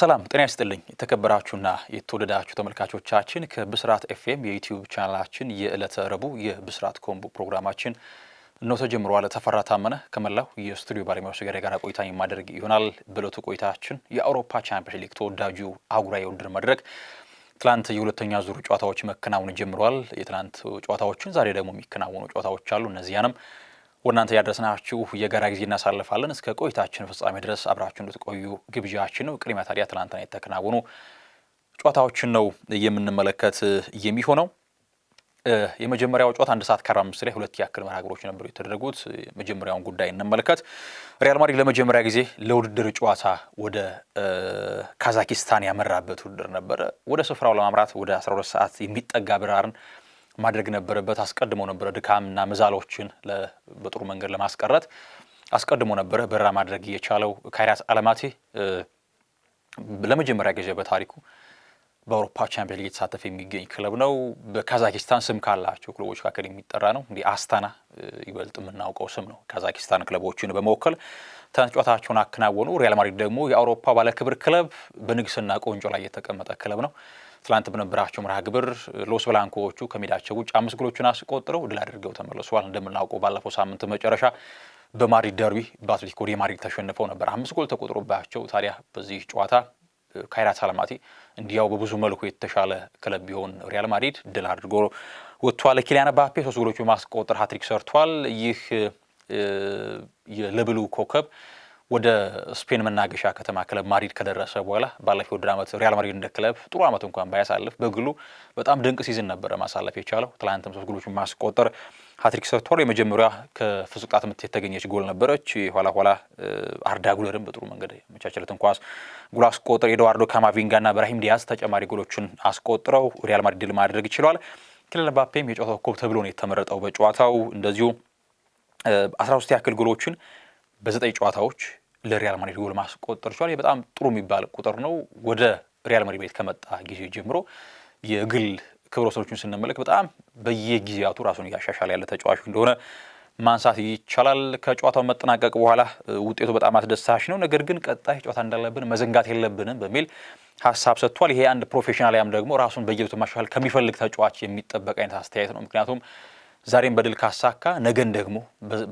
ሰላም ጤና ይስጥልኝ የተከበራችሁና የተወደዳችሁ ተመልካቾቻችን ከብስራት ኤፍኤም የዩቲዩብ ቻናላችን የዕለተ ረቡዕ የብስራት ኮምቦ ፕሮግራማችን እነሆ ተጀምሯል። ተፈራ ታመነ ከመላው የስቱዲዮ ባለሙያዎች ጋር የጋራ ቆይታ የማደርግ ይሆናል። በዕለቱ ቆይታችን የአውሮፓ ቻምፒየንስ ሊግ ተወዳጁ አህጉራዊ የውድድር መድረክ ትላንት የሁለተኛ ዙር ጨዋታዎች መከናወን ጀምረዋል። የትላንት ጨዋታዎችን ዛሬ ደግሞ የሚከናወኑ ጨዋታዎች አሉ። እነዚያንም ወናንተ እናንተ ያደረስናችሁ የጋራ ጊዜ እናሳልፋለን። እስከ ቆይታችን ፍጻሜ ድረስ አብራችሁ እንድትቆዩ ግብዣችን ነው። ቅድሚያ ታዲያ ትናንትና የተከናወኑ ጨዋታዎችን ነው የምንመለከት የሚሆነው። የመጀመሪያው ጨዋታ አንድ ሰዓት ከአራ አምስት ላይ ሁለት ያክል መርሃ ነበሩ የተደረጉት። መጀመሪያውን ጉዳይ እንመለከት። ሪያል ማድሪድ ለመጀመሪያ ጊዜ ለውድድር ጨዋታ ወደ ካዛኪስታን ያመራበት ውድድር ነበረ። ወደ ስፍራው ለማምራት ወደ 12 ሰዓት የሚጠጋ ብራርን ማድረግ ነበረበት። አስቀድሞ ነበረ ድካምና መዛሎችን በጥሩ መንገድ ለማስቀረት አስቀድሞ ነበረ በረራ ማድረግ የቻለው ካይራት አለማቴ ለመጀመሪያ ጊዜ በታሪኩ በአውሮፓ ቻምፒዮን ሊግ የሚገኝ ክለብ ነው። በካዛኪስታን ስም ካላቸው ክለቦች መካከል የሚጠራ ነው። እንዲህ አስታና ይበልጥ የምናውቀው ስም ነው። ካዛኪስታን ክለቦችን በመወከል ትናንት ጨዋታቸውን አከናወኑ። ሪያል ማድሪድ ደግሞ የአውሮፓ ባለክብር ክለብ በንግስና ቆንጮ ላይ የተቀመጠ ክለብ ነው። ትላንት በነበራቸው መርሃ ግብር ሎስ ብላንኮዎቹ ከሜዳቸው ውጭ አምስት ጎሎችን አስቆጥረው ድል አድርገው ተመልሰዋል። እንደምናውቀው ባለፈው ሳምንት መጨረሻ በማድሪድ ደርቢ በአትሌቲኮ ደ ተሸንፈው ነበር፣ አምስት ጎል ተቆጥሮባቸው። ታዲያ በዚህ ጨዋታ ካይራት አልማቲ እንዲያው በብዙ መልኩ የተሻለ ክለብ ቢሆን ሪያል ማድሪድ ድል አድርጎ ወጥቷል። ኪሊያን ባፔ ሶስት ጎሎች በማስቆጠር ሀትሪክ ሰርቷል። ይህ የለብሉ ኮከብ ወደ ስፔን መናገሻ ከተማ ክለብ ማድሪድ ከደረሰ በኋላ ባለፈው ውድድር ዓመት ሪያል ማድሪድ እንደ ክለብ ጥሩ ዓመት እንኳን ባያሳልፍ በግሉ በጣም ድንቅ ሲዝን ነበረ ማሳለፍ የቻለው። ትላንትም ሶስት ጎሎች ማስቆጠር ሀትሪክ ሰርቷል። የመጀመሪያ ከፍጹም ቅጣት ምት የተገኘች ጎል ነበረች። የኋላ ኋላ አርዳ ጉለርም በጥሩ መንገድ ያመቻቸለትን ኳስ ጉል አስቆጠር። ኤድዋርዶ ካማቪንጋና ብራሂም ዲያዝ ተጨማሪ ጎሎችን አስቆጥረው ሪያል ማድሪድ ድል ማድረግ ችሏል። ክሊያን ምባፔም የጨዋታው ኮከብ ተብሎ ነው የተመረጠው። በጨዋታው እንደዚሁ አስራ ሶስት ያክል ጎሎችን በዘጠኝ ጨዋታዎች ለሪያል ማድሪድ ጎል ማስቆጠር ችሏል። በጣም ጥሩ የሚባል ቁጥር ነው። ወደ ሪያል ማድሪድ ቤት ከመጣ ጊዜ ጀምሮ የግል ክብረ ወሰኖቹን ስንመለክ በጣም በየጊዜያቱ ራሱን እያሻሻለ ያለ ተጫዋች እንደሆነ ማንሳት ይቻላል። ከጨዋታው መጠናቀቅ በኋላ ውጤቱ በጣም አስደሳች ነው፣ ነገር ግን ቀጣይ ጨዋታ እንዳለብን መዘንጋት የለብንም በሚል ሀሳብ ሰጥቷል። ይሄ አንድ ፕሮፌሽናል ያም ደግሞ ራሱን በየቤቱ ማሻሻል ከሚፈልግ ተጫዋች የሚጠበቅ አይነት አስተያየት ነው። ምክንያቱም ዛሬም በድል ካሳካ ነገን ደግሞ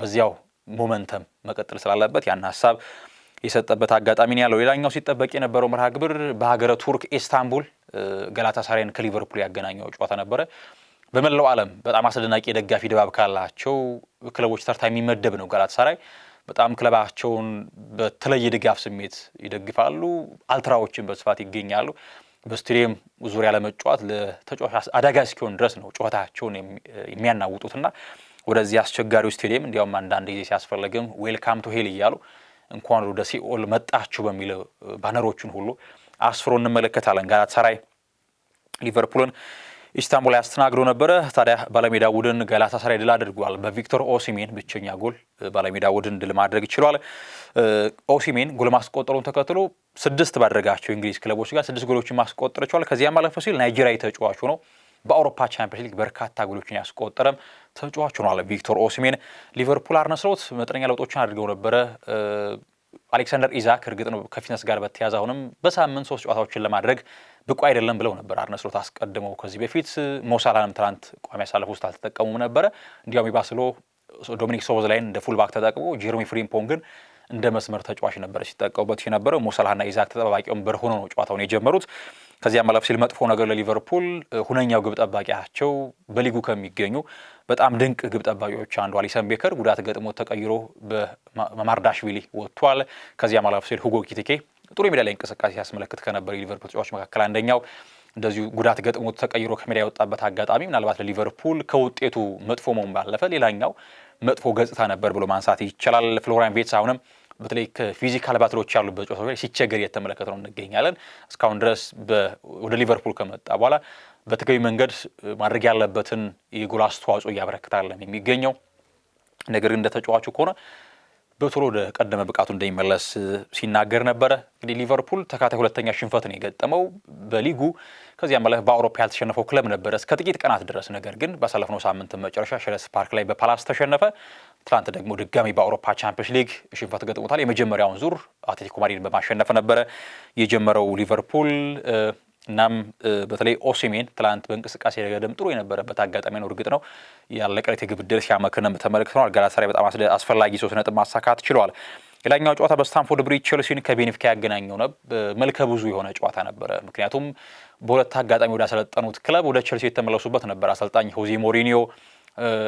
በዚያው ሞመንተም መቀጠል ስላለበት ያን ሀሳብ የሰጠበት አጋጣሚ ነው ያለው። ሌላኛው ሲጠበቅ የነበረው መርሃ ግብር በሀገረ ቱርክ ኢስታንቡል ገላታ ሳራይን ከሊቨርፑል ያገናኘው ጨዋታ ነበረ። በመላው ዓለም በጣም አስደናቂ የደጋፊ ድባብ ካላቸው ክለቦች ተርታ የሚመደብ ነው ገላታ ሳራይ። በጣም ክለባቸውን በተለየ ድጋፍ ስሜት ይደግፋሉ። አልትራዎችን በስፋት ይገኛሉ። በስቴዲየም ዙሪያ ለመጫወት ለተጫዋች አዳጋ እስኪሆን ድረስ ነው ጨዋታቸውን የሚያናውጡትና ወደዚህ አስቸጋሪው ስቴዲየም እንዲያውም አንዳንድ ጊዜ ሲያስፈለግም ዌልካም ቱ ሄል እያሉ እንኳን ወደ ሲኦል መጣችሁ በሚል ባነሮቹን ሁሉ አስፍሮ እንመለከታለን። ጋላታሳራይ ሊቨርፑልን ኢስታንቡል ያስተናግዶ ነበረ። ታዲያ ባለሜዳ ቡድን ጋላታሳራይ ድል አድርጓል። በቪክቶር ኦሲሜን ብቸኛ ጎል ባለሜዳ ቡድን ድል ማድረግ ችሏል። ኦሲሜን ጎል ማስቆጠሩን ተከትሎ ስድስት ባደረጋቸው እንግሊዝ ክለቦች ጋር ስድስት ጎሎችን ማስቆጠር ችሏል። ከዚያም አለፈ ሲል ናይጄሪያዊ ተጫዋቹ ነው በአውሮፓ ቻምፒየንስ ሊግ በርካታ ጎሎችን ያስቆጠረም ተጫዋች ሆኗል ቪክቶር ኦሲሜን። ሊቨርፑል አርነ ስሎት መጠነኛ ለውጦችን አድርገው ነበረ። አሌክሳንደር ኢዛክ እርግጥ ነው ከፊትነስ ጋር በተያያዘ አሁንም በሳምንት ሶስት ጨዋታዎችን ለማድረግ ብቁ አይደለም ብለው ነበር አርነ ስሎት አስቀድመው። ከዚህ በፊት ሞሳላንም ትናንት ቋሚ ያሳለፉ ውስጥ አልተጠቀሙም ነበረ። እንዲያውም ይባስሎ ዶሚኒክ ሶቦዝ ላይን እንደ ፉልባክ ተጠቅሞ ጄሮሚ ፍሪምፖን ግን እንደ መስመር ተጫዋች ነበረ ሲጠቀሙበት የነበረው። ሞሳላህና ኢዛክ ተጠባባቂ ወንበር ሆነው ነው ጨዋታውን የጀመሩት። ከዚያም አለፍ ሲል መጥፎ ነገር ለሊቨርፑል ሁነኛው ግብ ጠባቂያቸው በሊጉ ከሚገኙ በጣም ድንቅ ግብ ጠባቂዎች አንዱ አሊሰን ቤከር ጉዳት ገጥሞ ተቀይሮ በማርዳሽቪሊ ወጥቷል። ከዚያም አለፍ ሲል ሁጎ ኪቲኬ ጥሩ የሜዳ ላይ እንቅስቃሴ ያስመለክት ከነበሩ የሊቨርፑል ተጫዋች መካከል አንደኛው እንደዚሁ ጉዳት ገጥሞት ተቀይሮ ከሜዳ የወጣበት አጋጣሚ ምናልባት ለሊቨርፑል ከውጤቱ መጥፎ መሆን ባለፈ ሌላኛው መጥፎ ገጽታ ነበር ብሎ ማንሳት ይቻላል። ፍሎሪያን ቤትስ አሁንም በተለይ ከፊዚካል ባትሎች ያሉበት ጨዋታዎች ላይ ሲቸገር እየተመለከት ነው እንገኛለን። እስካሁን ድረስ ወደ ሊቨርፑል ከመጣ በኋላ በተገቢ መንገድ ማድረግ ያለበትን የጎል አስተዋጽኦ እያበረክታለም የሚገኘው ነገር ግን እንደ ተጫዋቹ ከሆነ በቶሎ ወደ ቀደመ ብቃቱ እንደሚመለስ ሲናገር ነበረ። እንግዲህ ሊቨርፑል ተካታይ ሁለተኛ ሽንፈት ነው የገጠመው በሊጉ ከዚያም በላይ በአውሮፓ ያልተሸነፈው ክለብ ነበረ እስከ ጥቂት ቀናት ድረስ። ነገር ግን ባሳለፍነው ሳምንት መጨረሻ ሸለስ ፓርክ ላይ በፓላስ ተሸነፈ። ትላንት ደግሞ ድጋሚ በአውሮፓ ቻምፒዮንስ ሊግ ሽንፈት ገጥሞታል። የመጀመሪያውን ዙር አትሌቲኮ ማድሪድን በማሸነፍ ነበረ የጀመረው ሊቨርፑል እናም በተለይ ኦሲሜን ትላንት በእንቅስቃሴ ረገድም ጥሩ የነበረበት አጋጣሚ ነው። እርግጥ ነው ያለቀለት የግብ ዕድል ሲያመክንም ተመልክተናል። ጋላታሳራይ በጣም አስፈላጊ ሶስት ነጥብ ማሳካት ችሏል። ሌላኛው ጨዋታ በስታንፎርድ ብሪጅ ቼልሲን ከቤኒፊካ ያገናኘው መልከ ብዙ የሆነ ጨዋታ ነበረ። ምክንያቱም በሁለት አጋጣሚ ወዳሰለጠኑት ክለብ ወደ ቼልሲ የተመለሱበት ነበር አሰልጣኝ ሆዜ ሞሪኒዮ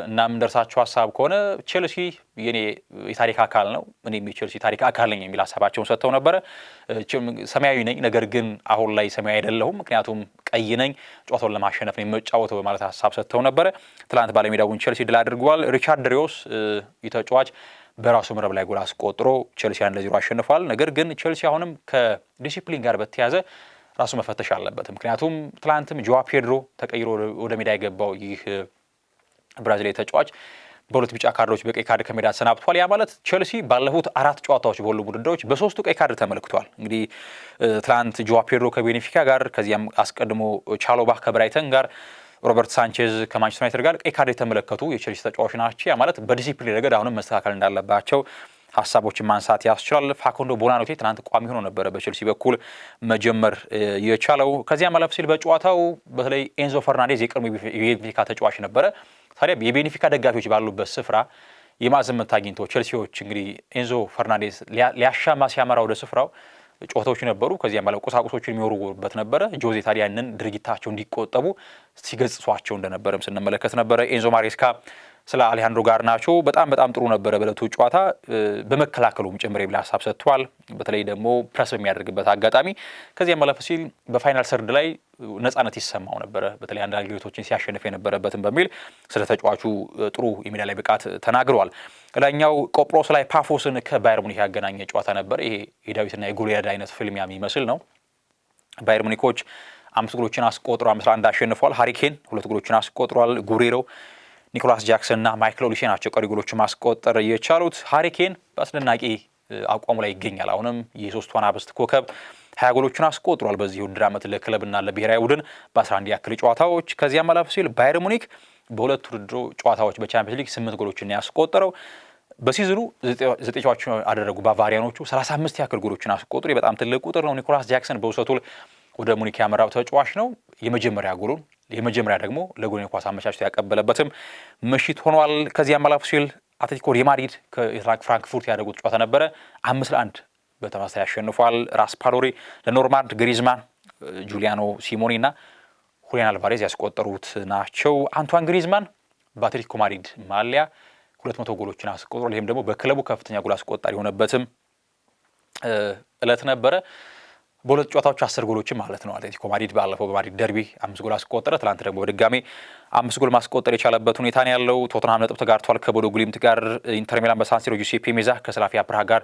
እና የምንደርሳቸው ሀሳብ ከሆነ ቼልሲ የኔ የታሪክ አካል ነው እኔም የቼልሲ ታሪክ አካል ነኝ የሚል ሀሳባቸውን ሰጥተው ነበረ። ሰማያዊ ነኝ፣ ነገር ግን አሁን ላይ ሰማያዊ አይደለሁም፣ ምክንያቱም ቀይ ነኝ፣ ጨዋታውን ለማሸነፍ ነው የምጫወተው በማለት ሀሳብ ሰጥተው ነበረ። ትላንት ባለሜዳውን ቼልሲ ድል አድርገዋል። ሪቻርድ ሪዮስ ተጫዋች በራሱ መረብ ላይ ጎል አስቆጥሮ ቼልሲ አንድ ለዜሮ አሸንፏል። ነገር ግን ቼልሲ አሁንም ከዲሲፕሊን ጋር በተያዘ ራሱ መፈተሽ አለበት። ምክንያቱም ትላንትም ጆዋ ፔድሮ ተቀይሮ ወደ ሜዳ የገባው ይህ ብራዚላዊ ተጫዋች በሁለት ቢጫ ካርዶች በቀይ ካርድ ከሜዳ ሰናብቷል። ያ ማለት ቼልሲ ባለፉት አራት ጨዋታዎች በሁሉ ውድድሮች በሶስቱ ቀይ ካርድ ተመልክቷል። እንግዲህ ትላንት ጆዋ ፔድሮ ከቤኔፊካ ጋር፣ ከዚያም አስቀድሞ ቻሎባህ ከብራይተን ጋር ሮበርት ሳንቼዝ ከማንቸስተር ዩናይትድ ጋር ቀይ ካርድ የተመለከቱ የቼልሲ ተጫዋቾች ናቸው። ያ ማለት በዲሲፕሊን ረገድ አሁንም መስተካከል እንዳለባቸው ሀሳቦችን ማንሳት ያስችላል። ፋኮንዶ ቦናኖቴ ትናንት ቋሚ ሆኖ ነበረ በቼልሲ በኩል መጀመር የቻለው። ከዚያ ማለፍ ሲል በጨዋታው በተለይ ኤንዞ ፈርናንዴዝ የቀድሞ የቤንፊካ ተጫዋች ነበረ ታዲያ የቤኒፊካ ደጋፊዎች ባሉበት ስፍራ የማዕዘን ምት አግኝቶ ቼልሲዎች እንግዲህ ኤንዞ ፈርናንዴዝ ሊያሻማ ሲያመራ ወደ ስፍራው ጨዋታዎች ነበሩ። ከዚያም ባለ ቁሳቁሶችን የሚወርውሩበት ነበረ። ጆዜ ታዲያ ያንን ድርጊታቸው እንዲቆጠቡ ሲገጽሷቸው እንደነበረም ስንመለከት ነበረ። ኤንዞ ማሬስካ ስለ አሊሃንድሮ ጋርናቾ በጣም በጣም ጥሩ ነበረ በለቱ ጨዋታ በመከላከሉም ጭምር የብል ሀሳብ ሰጥቷል። በተለይ ደግሞ ፕረስ በሚያደርግበት አጋጣሚ ከዚያ አለፍ ሲል በፋይናል ሰርድ ላይ ነጻነት ይሰማው ነበረ በተለይ አንዳንድ ግሬቶችን ሲያሸንፍ የነበረበትን በሚል ስለ ተጫዋቹ ጥሩ የሜዳ ላይ ብቃት ተናግረዋል። ሌላኛው ቆጵሮስ ላይ ፓፎስን ከባየር ሙኒክ ያገናኘ ጨዋታ ነበር። ይሄ የዳዊትና የጎልያድ አይነት ፍልሚያ የሚመስል ነው። ባየር ሙኒኮች አምስት ጎሎችን አስቆጥሮ አምስት ለአንድ አሸንፏል። ሀሪኬን ሁለት ጎሎችን አስቆጥሯል። ጉሬሮ ኒኮላስ ጃክሰንና ማይክል ኦሊሼ ናቸው ቀሪ ማስቆጠር የቻሉት። ሀሪኬን በአስደናቂ አቋሙ ላይ ይገኛል። አሁንም የሶስቱ አናብስት ኮከብ ሀያ ጎሎቹን አስቆጥሯል በዚህ ውድድር ዓመት ለክለብና ለብሔራዊ ቡድን በ11 ያክል ጨዋታዎች። ከዚያም አለፍ ሲል ባየር ሙኒክ በሁለት ውድድሮ ጨዋታዎች በቻምፒዮንስ ሊግ ስምንት ጎሎችን ያስቆጠረው በሲዝኑ ዘጠኝ አደረጉ ባቫሪያኖቹ 35 ያክል ጎሎችን አስቆጥሩ፣ በጣም ትልቅ ቁጥር ነው። ኒኮላስ ጃክሰን በውሰቱል ወደ ሙኒክ ያመራው ተጫዋች ነው። የመጀመሪያ ጎሉን የመጀመሪያ ደግሞ ለጎኔ ኳስ አመቻችቶ ያቀበለበትም ምሽት ሆኗል። ከዚያም አለፍ ሲል አትሌቲኮ የማድሪድ ከኢንትራክት ፍራንክፉርት ያደረጉት ጨዋታ ነበረ። አምስት ለአንድ በተመሳሳይ ያሸንፏል። ራስ ፓዶሪ ለኖርማንድ ግሪዝማን፣ ጁሊያኖ ሲሞኒ እና ሁሊያን አልቫሬዝ ያስቆጠሩት ናቸው። አንቷን ግሪዝማን በአትሌቲኮ ማድሪድ ማሊያ ሁለት መቶ ጎሎችን አስቆጥሯል። ይህም ደግሞ በክለቡ ከፍተኛ ጎል አስቆጣሪ የሆነበትም እለት ነበረ። በሁለት ጨዋታዎች አስር ጎሎችን ማለት ነው። አትሌቲኮ ማድሪድ ባለፈው በማድሪድ ደርቢ አምስት ጎል አስቆጠረ። ትናንት ደግሞ በድጋሚ አምስት ጎል ማስቆጠር የቻለበት ሁኔታ ነው ያለው። ቶተንሃም ነጥብ ተጋርቷል ከቦዶ ግሊምት ጋር። ኢንተር ሚላን በሳንሲሮ ጁሴፔ ሜዛ ከስላፊያ ፕራሃ ጋር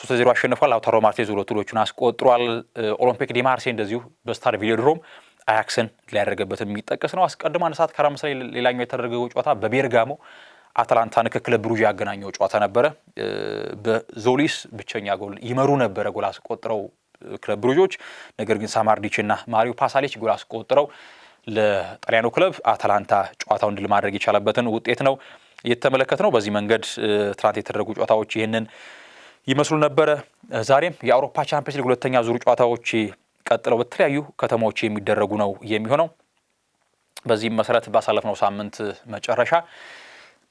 ሶስት ዜሮ አሸንፏል። አውታሮ ማርቴዝ ሁለት ጎሎቹን አስቆጥሯል። ኦሎምፒክ ዲ ማርሴይ እንደዚሁ በስታድ ቬሎድሮም አያክስን ሊያደረገበት የሚጠቀስ ነው። አስቀድሞ አንድ ሰዓት ከአራት ላይ ሌላኛው የተደረገው ጨዋታ በቤርጋሞ አትላንታን ከክለብ ብሩዥ ያገናኘው ጨዋታ ነበረ። በዞሊስ ብቸኛ ጎል ይመሩ ነበረ ጎል አስቆጥረው ክለብ ብሩጆች፣ ነገር ግን ሳማርዲች እና ማሪዮ ፓሳሌች ጎል አስቆጥረው ለጣሊያኑ ክለብ አታላንታ ጨዋታው እንድል ማድረግ የቻለበትን ውጤት ነው የተመለከት ነው። በዚህ መንገድ ትናንት የተደረጉ ጨዋታዎች ይህንን ይመስሉ ነበረ። ዛሬም የአውሮፓ ቻምፒየንስ ሊግ ሁለተኛ ዙሩ ጨዋታዎች ቀጥለው በተለያዩ ከተሞች የሚደረጉ ነው የሚሆነው። በዚህም መሰረት ባሳለፍነው ሳምንት መጨረሻ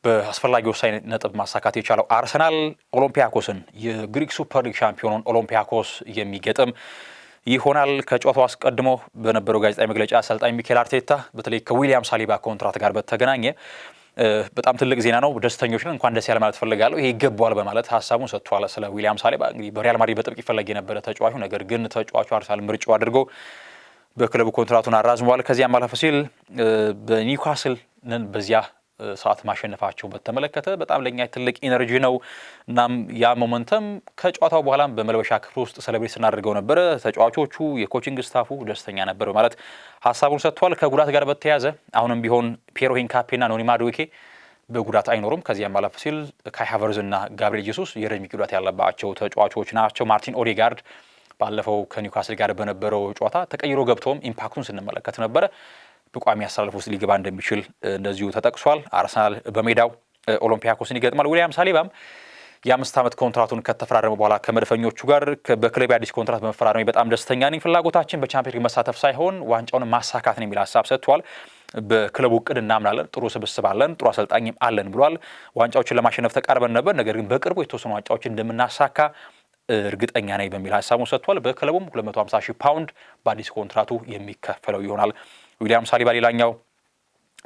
በአስፈላጊ ወሳኝ ነጥብ ማሳካት የቻለው አርሰናል ኦሎምፒያኮስን የግሪክ ሱፐር ሊግ ሻምፒዮኑን ኦሎምፒያኮስ የሚገጥም ይሆናል። ከጨዋታው አስቀድሞ በነበረው ጋዜጣዊ መግለጫ አሰልጣኝ ሚኬል አርቴታ በተለይ ከዊሊያም ሳሊባ ኮንትራት ጋር በተገናኘ በጣም ትልቅ ዜና ነው፣ ደስተኞች ነን፣ እንኳን ደስ ያለ ማለት ፈልጋለሁ፣ ይሄ ይገባዋል በማለት ሀሳቡን ሰጥቷል። ስለ ዊሊያም ሳሊባ እንግዲህ በሪያል ማድሪድ በጥብቅ ይፈለግ የነበረ ተጫዋቹ፣ ነገር ግን ተጫዋቹ አርሰናል ምርጫው አድርጎ በክለቡ ኮንትራቱን አራዝመዋል። ከዚያም አለፍ ሲል በኒውካስል በዚያ ሰዓት ማሸነፋቸው በተመለከተ በጣም ለእኛ ትልቅ ኢነርጂ ነው። እናም ያ ሞመንተም ከጨዋታው በኋላም በመልበሻ ክፍል ውስጥ ሰለብሬት ስናደርገው ነበረ። ተጫዋቾቹ፣ የኮችንግ ስታፉ ደስተኛ ነበር በማለት ሀሳቡን ሰጥቷል። ከጉዳት ጋር በተያያዘ አሁንም ቢሆን ፒየሮ ሂንካፔና ኖኒ ማዱዌኬ በጉዳት አይኖሩም። ከዚያም አለፍ ሲል ካይ ሃቨርዝና ጋብሪኤል ጄሱስ የረጅም ጉዳት ያለባቸው ተጫዋቾች ናቸው። ማርቲን ኦዴጋርድ ባለፈው ከኒውካስል ጋር በነበረው ጨዋታ ተቀይሮ ገብቶም ኢምፓክቱን ስንመለከት ነበረ። በቋሚ አሰላለፍ ውስጥ ሊገባ እንደሚችል እንደዚሁ ተጠቅሷል። አርሰናል በሜዳው ኦሎምፒያኮስን ይገጥማል። ዊሊያም ሳሊባም የአምስት ዓመት ኮንትራቱን ከተፈራረመ በኋላ ከመድፈኞቹ ጋር በክለብ አዲስ ኮንትራት በመፈራረሜ በጣም ደስተኛ ነኝ። ፍላጎታችን በቻምፒዮን መሳተፍ ሳይሆን ዋንጫውን ማሳካት ነው የሚል ሀሳብ ሰጥቷል። በክለቡ እቅድ እናምናለን፣ ጥሩ ስብስብ አለን፣ ጥሩ አሰልጣኝም አለን ብሏል። ዋንጫዎችን ለማሸነፍ ተቃርበን ነበር፣ ነገር ግን በቅርቡ የተወሰኑ ዋንጫዎችን እንደምናሳካ እርግጠኛ ነኝ በሚል ሀሳቡን ሰጥቷል። በክለቡም 250 ሺህ ፓውንድ በአዲስ ኮንትራቱ የሚከፈለው ይሆናል። ዊሊያም ሳሊባ ሌላኛው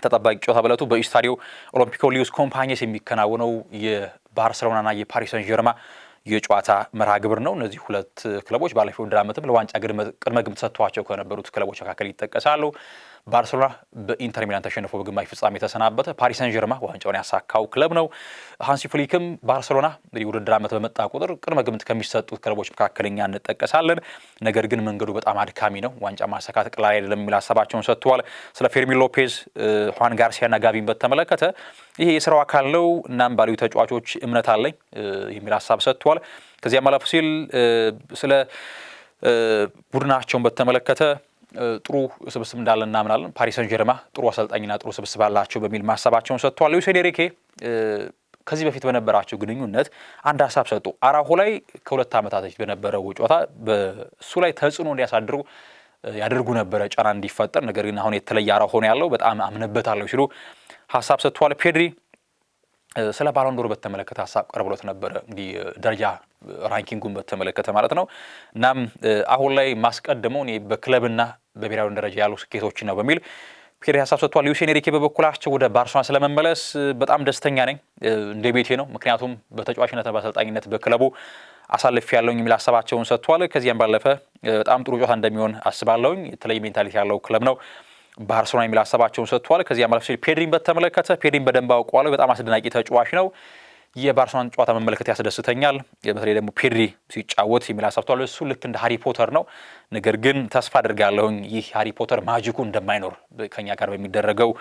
ተጠባቂ ጨዋታ በለቱ በኢስታዲዮ ኦሎምፒኮ ሊዩስ ኮምፓኘስ የሚከናወነው የባርሴሎናና የፓሪስ ሰን ዠርማ የጨዋታ መርሃ ግብር ነው። እነዚህ ሁለት ክለቦች ባለፈው ውድድር ዓመትም ለዋንጫ ቅድመ ግምት ሰጥተዋቸው ከነበሩት ክለቦች መካከል ይጠቀሳሉ። ባርሴሎና በኢንተር ሚላን ተሸንፎ በግማሽ ፍጻሜ የተሰናበተ ፓሪስ ሰን ጀርማ ዋንጫውን ያሳካው ክለብ ነው። ሃንሲ ፍሊክም ባርሴሎና እንግዲህ ውድድር ዓመት በመጣ ቁጥር ቅድመ ግምት ከሚሰጡት ክለቦች መካከለኛ እንጠቀሳለን፣ ነገር ግን መንገዱ በጣም አድካሚ ነው፣ ዋንጫ ማሳካት ቀላል አይደለም የሚል ሀሳባቸውን ሰጥተዋል። ስለ ፌርሚን ሎፔዝ፣ ሁዋን ጋርሲያና ጋቢን በተመለከተ ይሄ የስራው አካል ነው፣ እናም ባሉ ተጫዋቾች እምነት አለኝ የሚል ሀሳብ ሰጥተዋል። ከዚያም አለፍ ሲል ስለ ቡድናቸውን በተመለከተ ጥሩ ስብስብ እንዳለ እናምናለን። ፓሪስ ጀርማ ጥሩ አሰልጣኝና ጥሩ ስብስብ አላቸው በሚል ማሰባቸውን ሰጥተዋል። ሉዊስ ኤንሪኬ ከዚህ በፊት በነበራቸው ግንኙነት አንድ ሀሳብ ሰጡ። አራሆ ላይ ከሁለት ዓመታት በፊት በነበረው ጨዋታ በእሱ ላይ ተጽዕኖ እንዲያሳድሩ ያደርጉ ነበረ ጫና እንዲፈጠር። ነገር ግን አሁን የተለየ አራሆ ነው ያለው በጣም አምንበታለሁ ሲሉ ሀሳብ ሰጥተዋል። ፔድሪ ስለ ባሎንዶር በተመለከተ ሀሳብ ቀርብሎት ነበረ። እንግዲህ ደረጃ ራንኪንጉን በተመለከተ ማለት ነው። እናም አሁን ላይ ማስቀድመው እኔ በክለብና በብሔራዊ ደረጃ ያሉ ስኬቶች ነው በሚል ፒሪ ሀሳብ ሰጥቷል። ሉዊስ ኤንሪኬ በበኩላቸው ወደ ባርሴሎና ስለመመለስ በጣም ደስተኛ ነኝ፣ እንደ ቤቴ ነው። ምክንያቱም በተጫዋችነት በአሰልጣኝነት በክለቡ አሳልፍ ያለውኝ የሚል ሀሳባቸውን ሰጥቷል። ከዚያም ባለፈ በጣም ጥሩ ጨዋታ እንደሚሆን አስባለውኝ። የተለየ ሜንታሊቲ ያለው ክለብ ነው ባርሴሎና የሚል ሀሳባቸውን ሰጥቷል። ከዚያም ባለፈ ፔድሪን በተመለከተ ፔድሪን በደንብ አውቀዋለሁ። በጣም አስደናቂ ተጫዋች ነው። የባርሰሎናን ጨዋታ መመልከት ያስደስተኛል። በተለይ ደግሞ ፔድሪ ሲጫወት የሚል ሀሳብ እሱ ልክ እንደ ሃሪ ፖተር ነው። ነገር ግን ተስፋ አድርጋለሁኝ ይህ ሃሪ ፖተር ማጂኩ እንደማይኖር ከኛ ጋር በሚደረገው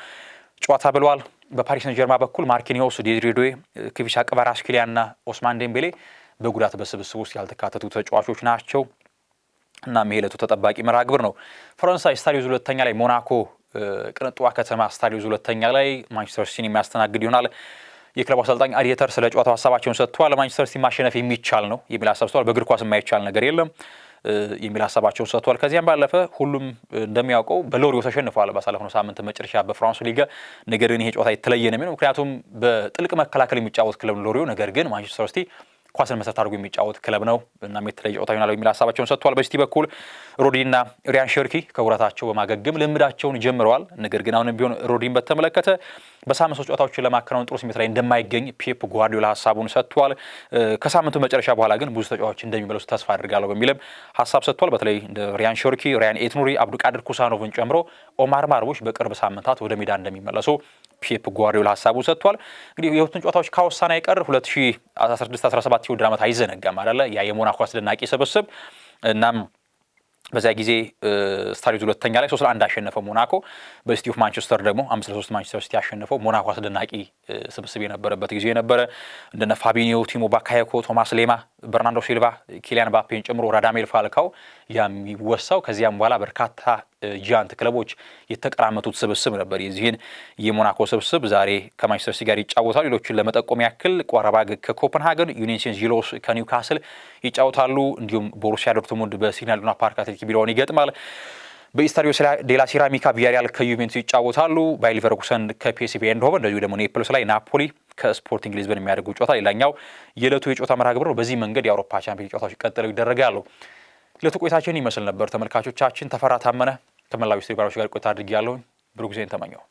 ጨዋታ ብለዋል። በፓሪስ ሰን ጀርማ በኩል ማርኪኒዮስ፣ ዴዝሬ ዶዌ፣ ክቪቻ ክቫራትስኬሊያ እና ኦስማን ዴምቤሌ በጉዳት በስብስብ ውስጥ ያልተካተቱ ተጫዋቾች ናቸው እና መሄለቱ ተጠባቂ መርሃ ግብር ነው። ፈረንሳይ ስታዲዮዝ ሁለተኛ ላይ ሞናኮ ቅንጥዋ ከተማ ስታዲዮዝ ሁለተኛ ላይ ማንቸስተር ሲቲን የሚያስተናግድ ይሆናል። የክለቡ አሰልጣኝ አዲተር ስለ ጨዋታው ሀሳባቸውን ሰጥተዋል። ማንቸስተር ሲቲ ማሸነፍ የሚቻል ነው የሚል ሀሳብ ሰጥተዋል። በእግር ኳስ የማይቻል ነገር የለም የሚል ሀሳባቸውን ሰጥቷል። ከዚያም ባለፈ ሁሉም እንደሚያውቀው በሎሪዮ ተሸንፏል ባሳለፍነው ሳምንት መጨረሻ በፍራንሱ ሊገ። ነገር ግን ይሄ ጨዋታ የተለየ ነው የሚለው ምክንያቱም በጥልቅ መከላከል የሚጫወት ክለብ ሎሪዮ፣ ነገር ግን ማንቸስተር ሲቲ ኳስን መሰረት አድርጎ የሚጫወት ክለብ ነው እና ሜት ላይ ጨዋታ ይሆናል የሚል ሀሳባቸውን ሰጥቷል። በሲቲ በኩል ሮዲና ሪያን ሸርኪ ከጉዳታቸው በማገገም ልምዳቸውን ጀምረዋል። ነገር ግን አሁንም ቢሆን ሮዲን በተመለከተ በሳምንት ሶስት ጨዋታዎችን ለማከናወን ጥሩ ስሜት ላይ እንደማይገኝ ፔፕ ጓርዲዮላ ሀሳቡን ሰጥቷል። ከሳምንቱ መጨረሻ በኋላ ግን ብዙ ተጫዋች እንደሚመለሱ ተስፋ አድርጋለሁ በሚልም ሀሳብ ሰጥቷል። በተለይ እንደ ሪያን ሸርኪ፣ ሪያን ኤትኑሪ፣ አብዱቃድር ኩሳኖቭን ጨምሮ ኦማር ማርቦች በቅርብ ሳምንታት ወደ ሜዳ እንደሚመለሱ ፔፕ ጓርዲዮላ ሀሳቡ ሰጥቷል። እንግዲህ የሁለቱን ጨዋታዎች ካወሳን አይቀር 2016 17 የውድድር ዓመት አይዘነጋም አይደለ? ያ የሞናኮ አስደናቂ ስብስብ እናም በዚያ ጊዜ ስታዲዮት ሁለተኛ ላይ ሶስት ለአንድ አሸነፈው ሞናኮ። በሲቲ ኦፍ ማንቸስተር ደግሞ አምስት ለሶስት ማንቸስተር ሲቲ አሸነፈው። ሞናኮ አስደናቂ ስብስብ የነበረበት ጊዜ ነበረ። እንደነ ፋቢኒዮ፣ ቲሞ ባካያኮ፣ ቶማስ ሌማ፣ በርናንዶ ሲልቫ፣ ኪሊያን ባፔን ጨምሮ ራዳሜል ፋልካው የሚወሳው ከዚያም በኋላ በርካታ ጃንት ክለቦች የተቀራመቱት ስብስብ ነበር። የዚህን የሞናኮ ስብስብ ዛሬ ከማንቸስተር ሲቲ ጋር ይጫወታሉ። ሌሎችን ለመጠቆም ያክል ቋራባግ ከኮፐንሃገን፣ ዩኒየን ሴንት ጂሎስ ከኒውካስል ይጫወታሉ። እንዲሁም ቦሩሲያ ዶርትሙንድ በሲግናል ኢዱና ፓርክ ቢሮን ይገጥማል። በኢስታዲዮ ዴላ ሴራሚካ ቪያሪያል ከዩቬንቱስ ይጫወታሉ። ባይሊቨርኩሰን ሊቨርኩሰን ከፒኤስቪ ኤindሆቨን፣ እንደዚሁ ደግሞ ኔፕልስ ላይ ናፖሊ ከስፖርቲንግ ሊዝበን የሚያደርጉ ጨዋታ ሌላኛው የዕለቱ የጨዋታ መርሃ ግብር ነው። በዚህ መንገድ የአውሮፓ ቻምፒዮን ጨዋታዎች ቀጥለው ይደረጋሉ። ዕለቱ ቆይታችን ይመስል ነበር። ተመልካቾቻችን ተፈራ ታመነ ከመላዊ ስትሪባሮች ጋር ቆይታ አድርጌ ያለውን ብሩ ጊዜን ተመኘው።